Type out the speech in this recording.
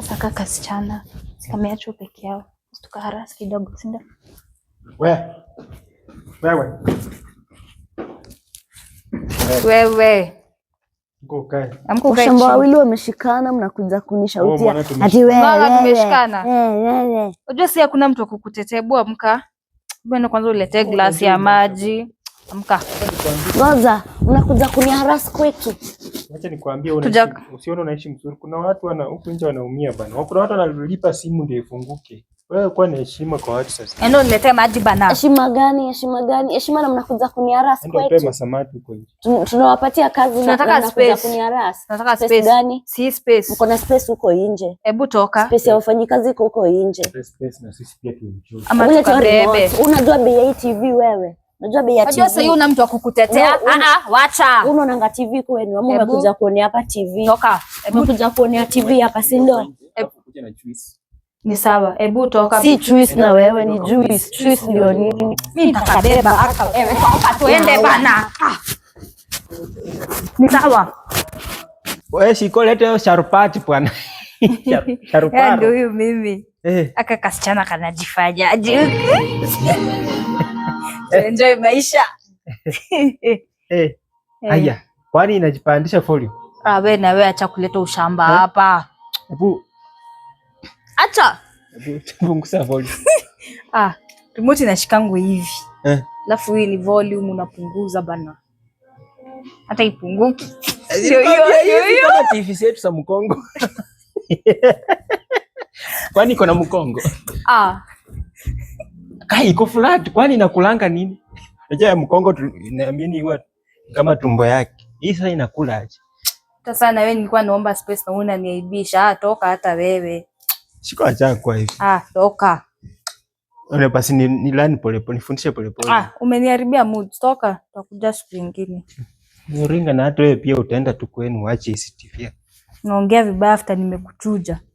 Sasa kaka, sichana sikameacho peke yao, tukaharasi kidogo, si ndio? We, wewe wewe washamba wawili wameshikana, mnakuja kunishautia oh, ati wewe. Unajua si hakuna mtu akukutetea bwa. Amka bwana, kwanza uletee oh, glasi ya maji. Amka ngoja, mnakuja kuniharasi kweki Acha nikwambie, usione unaishi mzuri. Kuna watu wana huku nje wanaumia bana, kuna watu wanalipa simu ndio ifunguke. Wewe kuwa na heshima kwa watu sasa. Yaani Endo niletee maji bana. Heshima gani? Heshima gani? Heshima na mnakuja kuniharasi yaani kwetu. Ndio pema samaki huko nje. Tunawapatia kazi na mnakuja kuniharasi. Nataka space gani? Si space. Mko na space huko nje. Hebu toka. Space ya wafanyikazi huko nje. Space na sisi pia tunachoka. tunajua. Unajua bei ya TV wewe. Unajua bei ya TV. Unajua sasa una mtu akukutetea. Ah ah, wacha. Unaona nga TV kwenu, ama umekuja kuonea hapa TV. Toka. Umekuja kuonea TV hapa si ndio? Ni sawa. Hebu toka. Si juice na wewe ni juice. Juice ndio nini? Mimi nitakabeba aka wewe. Toka tuende bana. Ah. Ni sawa. Wewe shikolete sharpati bwana. Sharpati. Yaani ndio huyu mimi. Eh. Aka kasichana kanajifanya. enjoy maisha eh, eh. Aya, kwani inajipandisha folio? Ah, we na we acha kuleta ushamba eh? hapa. Hebu acha. Hebu punguza folio. Ah, remote inashikangu hivi. Eh. Alafu hii ni volume unapunguza bana. Hata ipunguki. Eh, ndio hiyo hiyo kama TV zetu sa Mkongo. Kwani kuna Mkongo? Ah kai iko flat, kwani inakulanga nini? Acha mkongo tunaamini huwa kama tumbo yake. Hii sasa inakula aje? Sasa na wewe nilikuwa naomba space na unaniaibisha. Ah, toka hata wewe. Shika acha kwa hivi. Ah, toka. Ole basi ni, ni lani pole pole, nifundishe pole pole. Ah, umeniharibia mood. Toka, tutakuja siku nyingine. Muringa na hata wewe pia utaenda tu kwenu, waache isi Naongea vibaya after nimekuchuja.